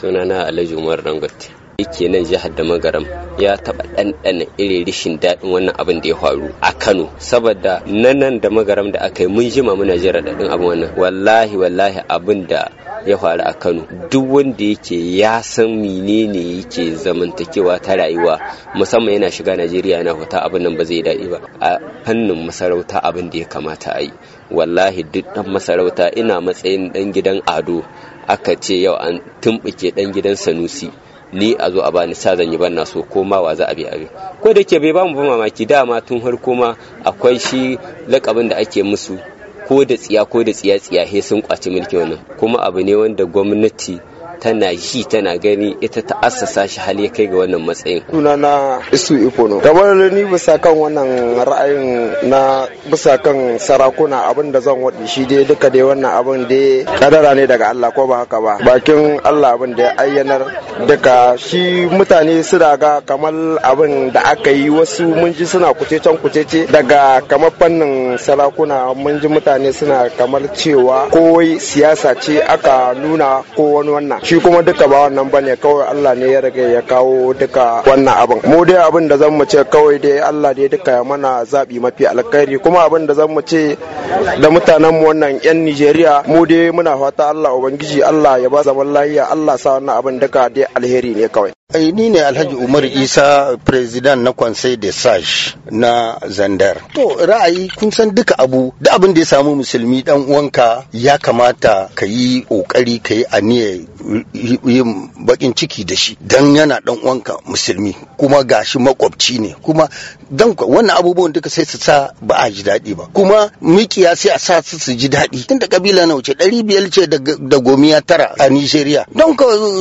sunana alhaji umar dangote yake nan jihar da magaram ya taba ɗanɗana irin rishin daɗin wannan abin da ya faru a kano saboda nan da magaram da aka yi mun jima muna jira daɗin abin wannan wallahi wallahi abin da ya faru a kano duk wanda yake ya san menene yake zamantakewa ta rayuwa musamman yana shiga najeriya yana huta abin nan ba zai daɗi ba a fannin masarauta abin da ya kamata a yi wallahi duk ɗan masarauta ina matsayin ɗan gidan ado aka ce yau an tumɓuke ɗan gidan sanusi ni a zo a bani sa zanyi ban naso so ko ma wa za a bi bi ko da ke bai ba mu ba mamaki dama tun harko ma akwai shi lakabin da ake musu ko da tsiya ko da tsiya tsiya he sun kwaci mulki wannan kuma abu ne wanda gwamnati tana ji tana gani ita ta assasa shi hali kai ga wannan matsayin na isu ikono kamar ni bisa kan wannan ra'ayin na bisa kan sarakuna abin da zan waɗi shi dai duka dai wannan abin dai kadara ne daga Allah ko ba haka ba bakin Allah abin da ya ayyanar daga shi mutane su daga kamar abin da aka yi wasu mun ji suna kucecen kucece daga kamar fannin sarakuna mun ji mutane suna kamar cewa kowai siyasa ce aka nuna ko wani wannan shi kuma duka ba wannan ne kawai Allah ne ya rage ya kawo duka wannan abin mu dai abin da zan mu ce kawai dai Allah dai duka ya mana zabi mafi alkhairi kuma abin da zan mu ce da mutanen mu wannan yan Nigeria mu dai muna fata Allah ubangiji Allah ya ba zaman lafiya Allah sa wannan abin duka dai alheri ne kawai ni ne Alhaji Umar Isa president na Conseil de Sage na Zandar. To ra'ayi kun san duka abu da abin da ya samu musulmi dan uwanka ya kamata ka yi kokari ka yi aniya yin bakin ciki da shi dan yana dan uwanka musulmi kuma gashi makwabci ne kuma dan wannan abubuwan duka sai su sa ba a ji daɗi ba kuma mikiya sai a sa su su ji daɗi tunda kabila na wuce ɗari biyar ce da gomiya tara a Nigeria don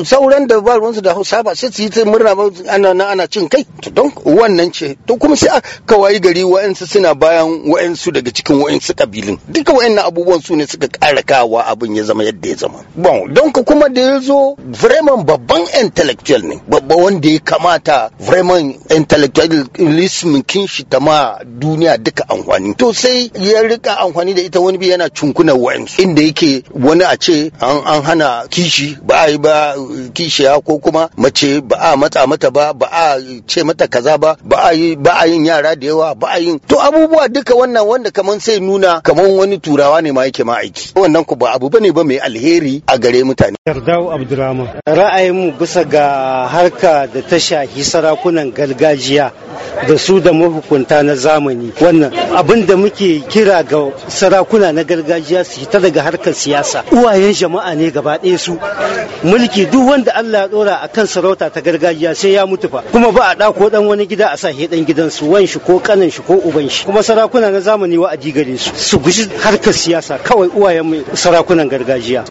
sauran da ba ruwansu da Hausa ba sai su yi murna ana nan ana cin kai to don wannan ce to kuma sai ka wayi gari wa'ansu suna bayan wa'ansu daga cikin wa'ansu kabilun duka wa'annan abubuwan su ne suka kara kawa abin ya zama yadda ya zama bon don ka kuma da ya zo vraiment babban intellectual ne babba wanda ya kamata vraiment intellectualism kin shi ta ma duniya duka amfani to sai ya rika amfani da ita wani bi yana cunkuna wa'ansu inda yake wani a ce an hana kishi ba a yi ba kishiya ko kuma mace ba a matsa mata ba ba a ce mata kaza ba ba a yi ba a yin yara da yawa ba a yin to abubuwa duka wannan wanda kaman sai nuna kamar wani turawa ne ma yake ma aiki wannan ku ba abu bane ba mai alheri a gare mutane Yardau Abdurrahman ra'ayin mu bisa ga harka da ta shahi sarakunan gargajiya da su da mahukunta na zamani wannan abin da muke kira ga sarakuna na gargajiya su ta daga harkar siyasa uwayen jama'a ne gaba ɗaya su mulki duk wanda Allah ya dora akan sarauta ta gargajiya sai ya mutu fa kuma ba a ɗako dan wani gida a sa dan gidan su wan shi ko kanin shi ko uban shi kuma sarakuna na zamani wa'adi gare su su guji harkar siyasa kawai uwayen sarakunan gargajiya